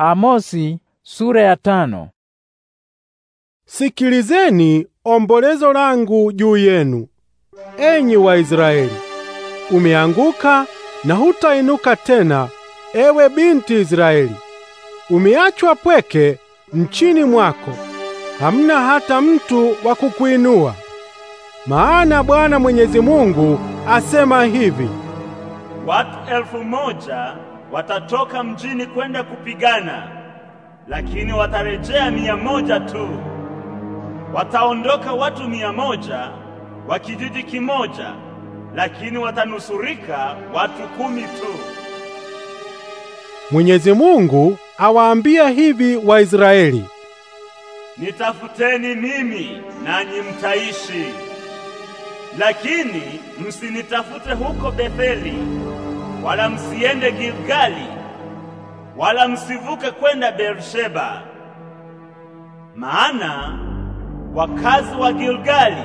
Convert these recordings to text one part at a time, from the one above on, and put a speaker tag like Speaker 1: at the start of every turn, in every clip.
Speaker 1: Amosi sura ya tano. Sikilizeni ombolezo langu juu yenu, enyi Waisraeli. Umeanguka na hutainuka tena, ewe binti Israeli. Umeachwa pweke nchini mwako, hamna hata mtu wa kukuinua. Maana Bwana Mwenyezi Mungu asema hivi:
Speaker 2: watu elfu moja watatoka mjini kwenda kupigana, lakini watarejea mia moja tu. Wataondoka watu mia moja wa kijiji kimoja, lakini watanusurika watu kumi tu.
Speaker 1: Mwenyezi Mungu awaambia hivi Waisraeli,
Speaker 2: nitafuteni mimi nanyi mtaishi, lakini msinitafute huko Betheli wala msiende Gilgali, wala msivuke kwenda Beersheba, maana wakazi wa Gilgali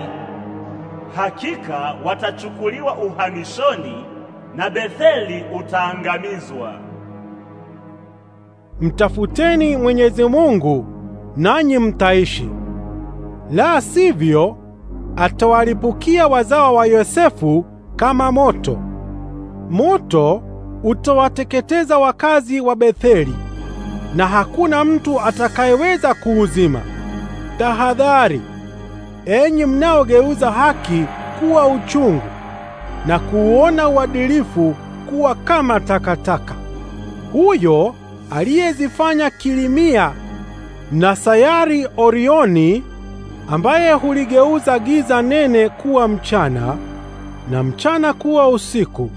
Speaker 2: hakika watachukuliwa uhamishoni na Betheli utaangamizwa.
Speaker 1: Mtafuteni Mwenyezi Mungu nanyi mtaishi, la sivyo atawalipukia wazao wa Yosefu kama moto moto utawateketeza wakazi wa Betheli na hakuna mtu atakayeweza kuuzima. Tahadhari enyi mnaogeuza haki kuwa uchungu na kuona uadilifu kuwa kama takataka. Huyo aliyezifanya Kilimia na sayari Orioni, ambaye huligeuza giza nene kuwa mchana na mchana kuwa usiku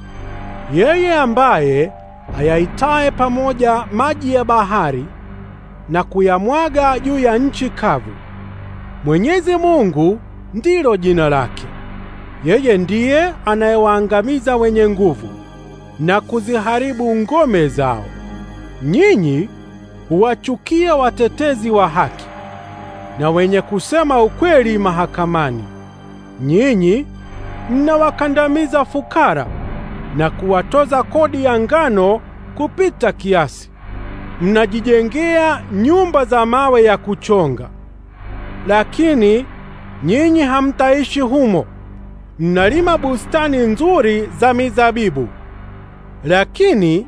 Speaker 1: yeye ambaye ayaitae pamoja maji ya bahari na kuyamwaga juu ya nchi kavu, Mwenyezi Mungu ndilo jina lake. Yeye ndiye anayewaangamiza wenye nguvu na kuziharibu ngome zao. Nyinyi huwachukia watetezi wa haki na wenye kusema ukweli mahakamani. Nyinyi mnawakandamiza fukara na kuwatoza kodi ya ngano kupita kiasi. Mnajijengea nyumba za mawe ya kuchonga, lakini nyinyi hamtaishi humo. Mnalima bustani nzuri za mizabibu, lakini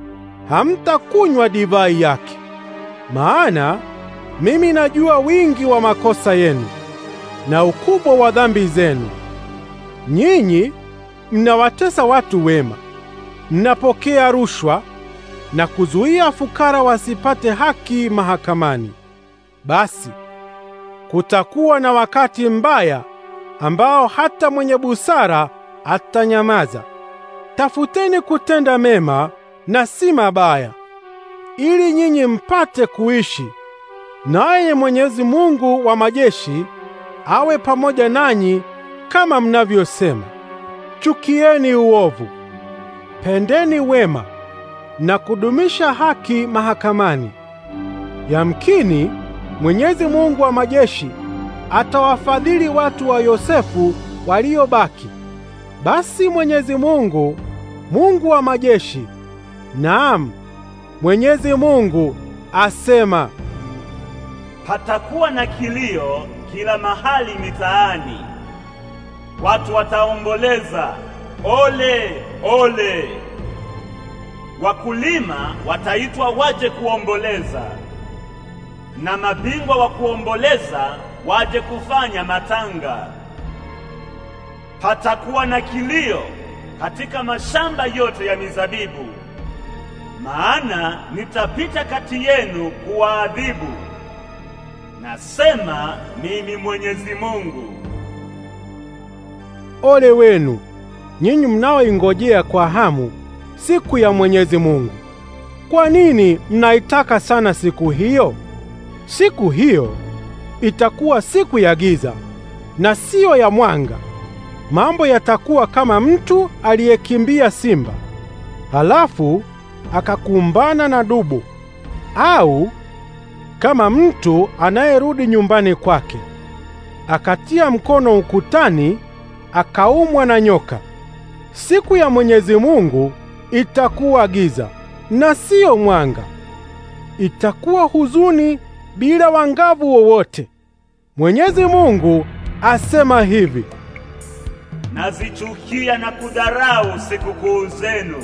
Speaker 1: hamtakunywa divai yake. Maana mimi najua wingi wa makosa yenu na ukubwa wa dhambi zenu. Nyinyi mnawatesa watu wema mnapokea rushwa na kuzuia fukara wasipate haki mahakamani, basi kutakuwa na wakati mbaya ambao hata mwenye busara atanyamaza. Tafuteni kutenda mema na si mabaya, ili nyinyi mpate kuishi, naye Mwenyezi Mungu wa majeshi awe pamoja nanyi kama mnavyosema. Chukieni uovu pendeni wema na kudumisha haki mahakamani. Yamkini Mwenyezi Mungu wa majeshi atawafadhili watu wa Yosefu waliobaki. Basi Mwenyezi Mungu, Mungu wa majeshi, naam, Mwenyezi Mungu asema, patakuwa na kilio kila mahali
Speaker 2: mitaani, watu wataomboleza ole ole! Wakulima wataitwa waje kuomboleza, na mabingwa wa kuomboleza waje kufanya matanga. Patakuwa na kilio katika mashamba yote ya mizabibu, maana nitapita kati yenu kuwaadhibu. Nasema mimi Mwenyezi Mungu.
Speaker 1: Ole wenu nyinyi mnaoingojea kwa hamu siku ya Mwenyezi Mungu. Kwa nini mnaitaka sana siku hiyo? Siku hiyo itakuwa siku ya giza na siyo ya mwanga. Mambo yatakuwa kama mtu aliyekimbia simba halafu akakumbana na dubu, au kama mtu anayerudi nyumbani kwake akatia mkono ukutani akaumwa na nyoka siku ya Mwenyezi Mungu itakuwa giza na siyo mwanga, itakuwa huzuni bila wangavu wowote. Mwenyezi Mungu asema hivi:
Speaker 2: nazichukia na kudharau sikukuu zenu,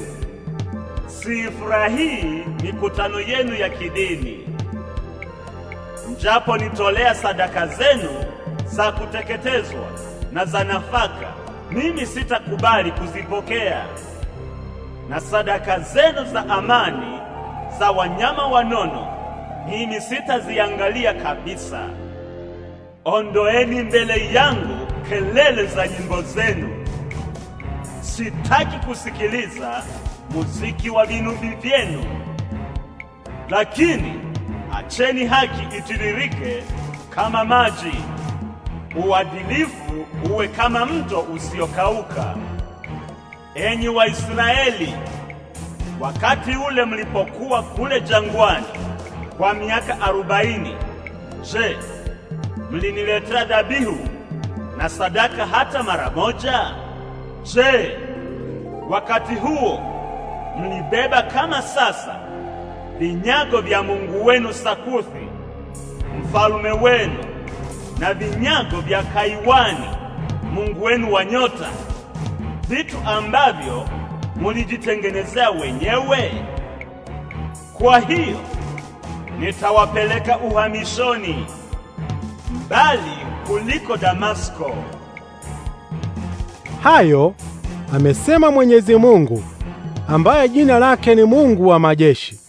Speaker 2: siifurahii mikutano yenu ya kidini. njapo nitolea sadaka zenu za kuteketezwa na za nafaka mimi sitakubali kuzipokea, na sadaka zenu za amani za wanyama wanono mimi sitaziangalia kabisa. Ondoeni mbele yangu kelele za nyimbo zenu, sitaki kusikiliza muziki wa vinubi vyenu. Lakini acheni haki itiririke kama maji uadilifu uwe kama mto usiokauka. Enyi Waisraeli, wakati ule mlipokuwa kule jangwani kwa miaka arobaini, je, mliniletea dhabihu na sadaka hata mara moja? Je, wakati huo mlibeba kama sasa vinyago vya Mungu wenu Sakuthi, mfalume wenu na vinyago vya kaiwani, mungu wenu wa nyota, vitu ambavyo mulijitengenezea wenyewe. Kwa hiyo nitawapeleka uhamishoni mbali kuliko Damasko.
Speaker 1: Hayo amesema Mwenyezi Mungu ambaye jina lake ni Mungu wa majeshi.